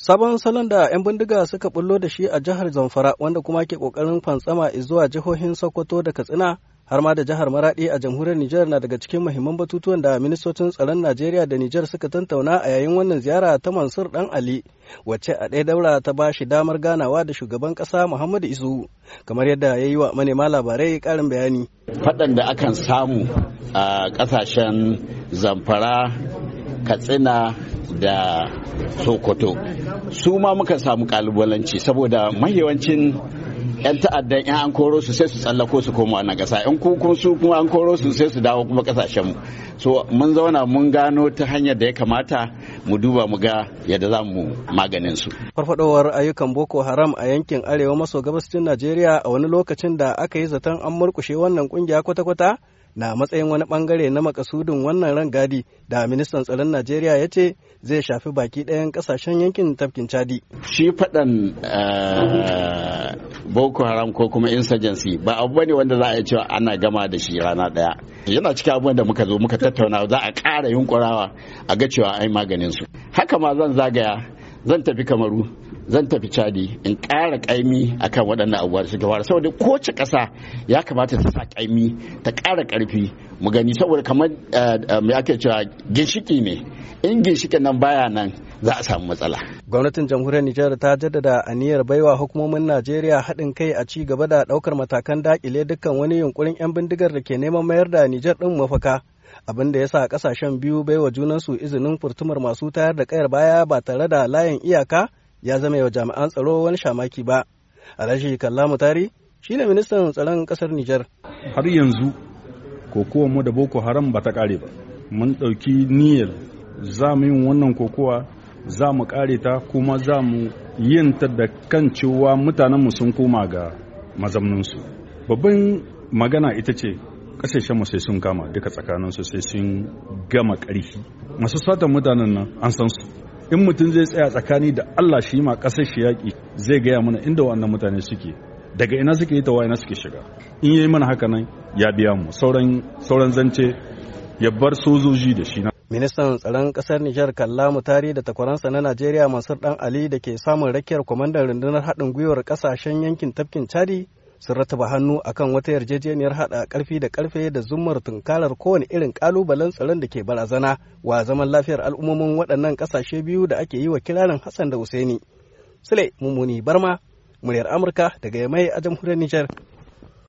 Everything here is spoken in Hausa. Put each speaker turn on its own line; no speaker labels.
Sabon salon da 'yan bindiga suka bullo da shi a jihar Zamfara wanda kuma ke kokarin fantsama zuwa jihohin Sokoto da Katsina har ma da jihar Maradi a jamhuriyar Nijar na daga cikin muhimman batutuwan da ministocin tsaron Najeriya da Nijar suka tantauna a yayin wannan ziyara ta Mansur Dan Ali wacce a ɗaya daura ta ba shi damar ganawa da shugaban ƙasa Muhammadu Isu kamar yadda ya yi wa manema labarai ƙarin bayani.
Faɗan da akan samu a ƙasashen Zamfara, Katsina, da sokoto su ma muka samu kalubalanci saboda mahiwancin 'yan ta'addan 'yan an koro su sai su tsallako su koma na ƙasa 'yan kukun su kuma an koro su sai su dawo kuma ƙasashen mu so mun zauna mun gano ta hanyar da ya kamata mu duba mu ga yadda za mu maganin su
farfadowar ayyukan boko haram a yankin arewa maso gabashin najeriya a wani lokacin da aka yi zaton an murkushe wannan kungiya kwata-kwata na matsayin wani bangare na makasudin wannan rangadi da ministan tsaron najeriya ya ce zai shafi baki ɗayan kasashen yankin tafkin chadi
shi faɗan eh, boko haram ko kuma insurgency ba abu bane wanda za a yi cewa ana gama da shi rana ɗaya yana cikin abubuwan da muka zo muka tattauna za a ƙara yunkurawa a ga cewa ai maganin su haka ma zan zagaya zan tafi kamaru zan tafi chadi in ƙara ƙaimi akan waɗannan abubuwa da suka fara saboda kowace ƙasa ya kamata ta sa ƙaimi ta ƙara ƙarfi mu gani saboda kamar eh, eh, mai ake cewa ginshiki ne in ginshikin nan baya nan za a samu matsala
gwamnatin jamhuriyar nijar ta jaddada aniyar baiwa hukumomin najeriya haɗin kai a ci gaba da ɗaukar matakan daƙile dukkan wani yunkurin 'yan bindigar da ke neman mayar da nijar ɗin mafaka abin da ya sa kasashen biyu baiwa junansu izinin furtumar masu tayar da kayar baya ba tare da layin iyaka ya zama yawa jami'an tsaro wani shamaki ba alhaji kallamu tari ne ministan tsaron kasar nijar har yanzu kokowa mu da boko haram ba ta kare ba
mun ɗauki niyyar za mu yin wannan kokowa za mu kare ta kuma za mu yin ta da kan cewa mutanenmu sun koma ga mazamninsu babban magana ita ce kasashen mu sai sun kama duka tsakanin su sai sun gama ƙarfi masu satan mutanen nan an san su in mutum zai tsaya tsakani da Allah shi ma kasar shi yaƙi zai gaya mana inda wannan mutane suke daga ina suke yi tawa ina suke shiga in yayi mana haka nan ya biya mu sauran sauran zance ya bar sojoji da shi na
ministan tsaron kasar nijar kalla mutari da takwaransa na najeriya mansur dan ali da ke samun rakiyar kwamandan rundunar haɗin gwiwar ƙasashen yankin tafkin chadi sun rataba hannu a kan wata yarjejeniyar hada karfi da karfe da zummar tunkarar kowane irin kalubalen tsaron da ke barazana wa zaman lafiyar al'ummomin waɗannan ƙasashe biyu da ake yi wa kiranin Hassan da Husaini. Sule Mummuni Barma, muryar Amurka daga Yamai a jamhuriyar Nijar.